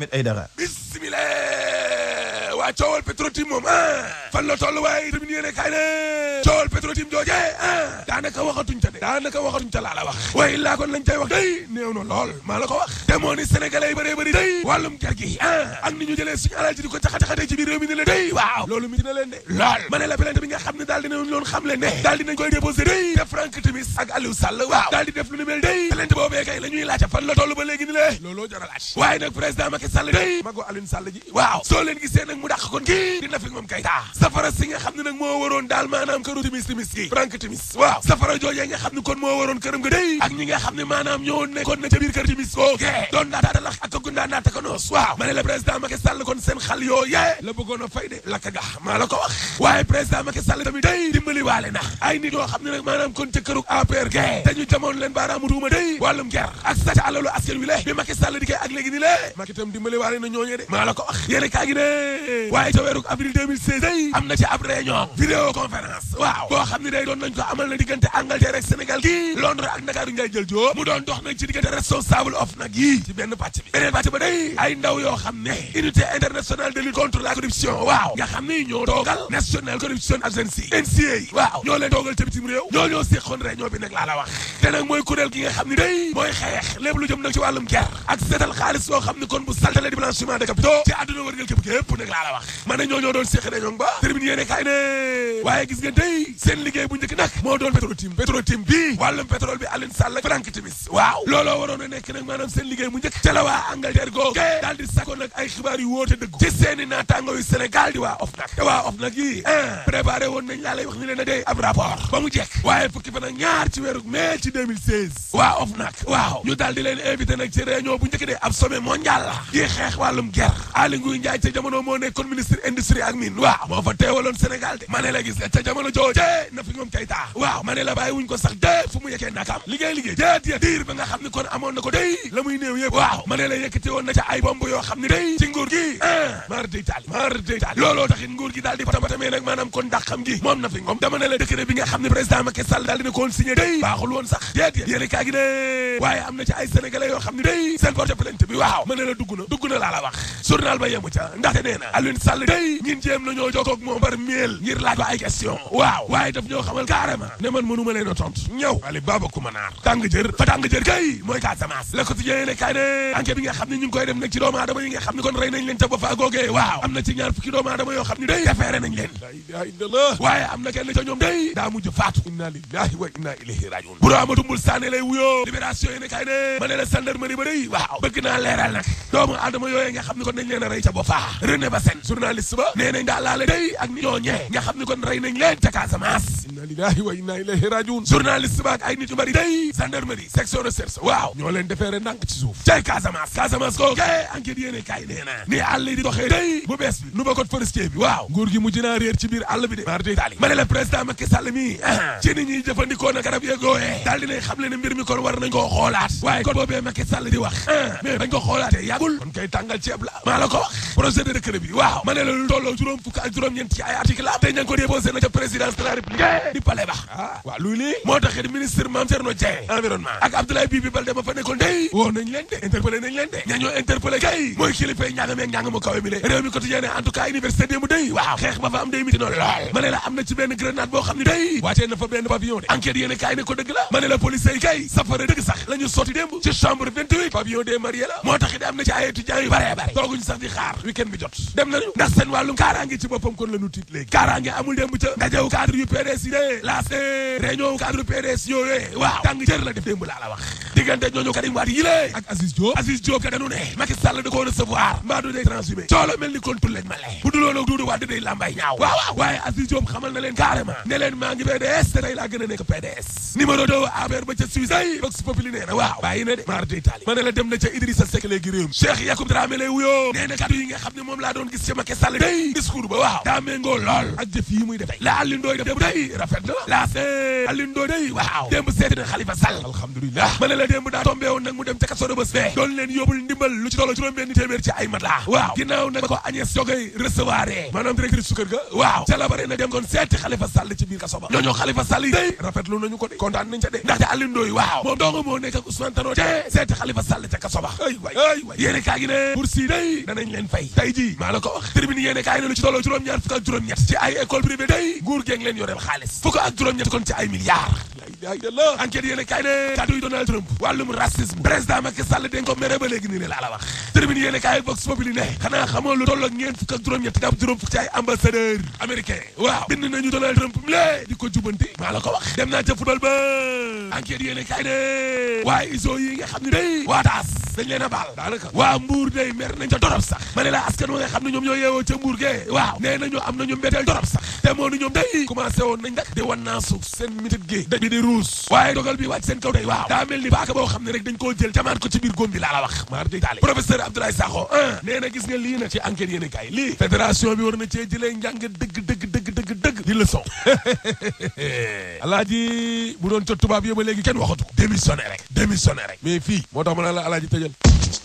من أين غير بسم الله waa coowal Petro-Tim moom ah fan la toll waaye tamit yéene kaay ne coowal Petro-Tim jooje ah daanaka waxatuñ ca de daanaka waxatuñ ca laa la wax waaye laa kon lañ cay wax day néew na lool maa la ko wax demoo ni sénégalais yi bëree bëri day wàllum ger gi ah ak ni ñu jëlee suñu alal ji di ko caxa-caxatee ci biir réew mi ne leen day waaw loolu mi dina leen de lool ma ne la plainte bi nga xam ne daal dinañ loon xam leen ne daal dinañ koy déposé day def Frank Timis ak Aliou Sall waaw daal di def lu ni mel day plainte boobee kay la ñuy laaj fan la toll ba léegi ni lee looloo jar a laaj waaye nag président Macky Sall day mago Aliou Sall ji waaw soo leen gisee nag mu dàq ko kii di Nafik moom kay taa safara si nga xam ne nag moo waroon daal maanaam këru timis timis gi Frank timis waaw safara joojee nga xam ne kon moo waroon këram nga déy ak ñi nga xam ne maanaam ñoo nekkoon na ca kër timis ok doon daataata lax ak ko gundaa naata ko waaw ma ne la président Macky Sall kon seen xal yooyee la bëggoon a fay de maa la wax waaye président Macky Sall tamit day dimbali waale na ay nit yoo xam ne de waaye ca weeru avril 2016 day am na ci ab réunion vidéo conférence waaw boo xam ne day doon nañ ko amal na diggante Angleterre ak Sénégal kii Londres ak Ndakaaru ngay jël joo mu doon dox nañ ci diggante responsable of nag yii ci benn pàcc bi beneen pàcc ba day ay ndaw yoo xam ne unité internationale de lutte contre la corruption waaw nga xam ni ñoo toogal National Corruption Agency NCA waaw ñoo leen toogal ca bitim réew ñoo ñoo séqoon kon bu saltale wax ma ñoo ñoo doon ba tribune ne gis nga day seen liggéey bu doon bi bi Sall Frank Timis waaw seen liggéey bu la Angleterre di ay xibaar yu ci yu Sénégal di te yi préparé nañ lay wax ni day rapport ba mu fukki ñaar ci mai ci 2016 waaw ñu di leen invité ci réunion bu de sommet mondial yi guerre jamono nekk nekkoon ministre industrie ak mine waaw moo fa teewaloon Sénégal de ma gis nga ca jamono joojee na fi ñoom kay waaw ma ne la bàyyi sax dee fu mu yekkee nakam liggéey liggéey déet ya diir ba nga xam ni kon amoon na ko day la muy néew yëpp waaw ma ne la woon na ca ay bomb yoo xam ne day ci nguur gi ah mar day taal mar day taal looloo taxit nguur gi daal di patapatamee nag kon ndax xam gi moom na fi ngom dama ne la décret nga xam ne Alioune Sall day jéem moom par ngir laaj ay question waaw waaye daf ñoo xamal carrément ne man leen a ñëw ali baba naar tàng jër fa tàng jër kay mooy Casamance la ko si yéene ne enquête bi nga xam ne ñu ngi koy nag ci doomu yi nga xam ne kon rey nañ leen ca ba faa googee waaw am na ci ñaar fukki doomu yoo xam ne day defeere nañ leen waaye am na kenn ca ñoom day daa mujj faatu inna lillahi wa inna ilayhi bu lay wuyoo libération ne ma ne la ba day waaw bëgg naa leeral nag doomu nga xam ne kon nañ leen a rey ca ba faa René journaliste ba nee nañ daalaale day ak ni ñoo ñee ni kon rey nañ leen inna lillahi wa inna ilayhi rajiun journaliste ay nit yu bëri day gendarmerie section waaw ñoo leen ci suuf ca Casamance Casamance ko kay enquête kay nee na ni àll di doxee day bu bees bi nu ba bi waaw nguur gi mujj naa ci biir àll bi de mar d'Italie ma ne la président Macky Sall mi ah ci nit ñuy jëfandikoo na kon war nañ ceeb ah la maa ko wax projet de waaw ma ne la tolloo juróom fukk ak juroom ay article ña ngi ko déposé na ca présidence de la république di palais ba ah, waaw luy lii moo tax it ministre Mame Thierno Dieng environnement ak Abdoulaye Bibi Baldé ma fa nekkoon day woo nañ leen de interpellé nañ leen de ña ñoo interpellé kay mooy meeg mu kawe mi le réew mi quotidien en tout cas université démb day waaw xeex ba fa am day miti noonu lool ma ne la am na ci benn grenade boo xam day na fa benn pavillon de enquête yéen kaay ne ko dëgg la ma ne la police yi kay safara dëgg sax la ñu démb ci chambre 28 pavillon des mariés la moo tax it am na ci ay étudiants yu bare bare tooguñ sax di xaar week-end bi jot dem nañu ndax seen wàllum kaaraange ci boppam kon la ñu tiit léegi kaaraange amul démb ca ndajew cadre yu PDS yi dee laas réunion cadre PDS yooyee waaw tàng jër la laa la wax diggante ñooñu yi lée ak Aziz Diop Aziz Diop ka dañu ne Macky Sall da koo recevoir mbaa du day transhumé laa gën a nekk PDS ba ca Suisse ay Vox na waaw bàyyi na de mar d' Italie ma ne la dem na ca Idrissa Seck léegi réew mi Cheikh Yacoub Dramé lay wuyoo nee yi ne moom laa doon gis monsieur Macky Sall day discours ba waaw daa méngoo lool ak jëf yi muy def tey la day rafet na la c Alioune day waaw seeti day rafetlu nañu ko ne pour day danañ leen fay tey maa la ko wax tribune yéene kaay ne ci tolloo juróom fukk ak juróom ci ay école privée tey nguur géeng leen yoreel xaalis fukk ak juróom ci ay milliards la ilaha illallah enquête yéene kaay Donald Trump wàllum racisme président Macky Sall dañ ko mere ba léegi nii ne la ala vox populi ne xanaa lu tolloo ñeent fukk ak juróom ci ay ambassadeur waaw bind nañu Donald Trump lé di ko jubanti maa la ko wax dem naa ca football ba Thiès dañ leen a baal daanaka waa Mbour day mer nañ ca torop sax ma ne la askan wa nga xam ñoom ñoo yeewoo ca Mbour gee waaw nee nañu am nañu mbetteel torop sax te ni ñoom day commencé woon nañ nag di wan seen mitit gi daj bi di ruus waaye dogal bi wàcc seen kaw day waaw daa mel ni baaka boo xam ne rek dañ koo jël jamaat ko ci biir góom laa la wax maar di daale professeur Abdoulaye Sakho nee na gis nga lii nag ci enquête yéen kaay lii fédération bi war Royal.